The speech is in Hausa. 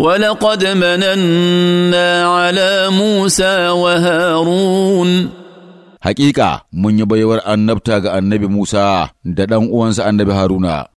ولقد مننا Musa wa وهارون Haƙiƙa mun yi baiwar annabta ga annabi Musa da ɗan uwansa annabi Haruna.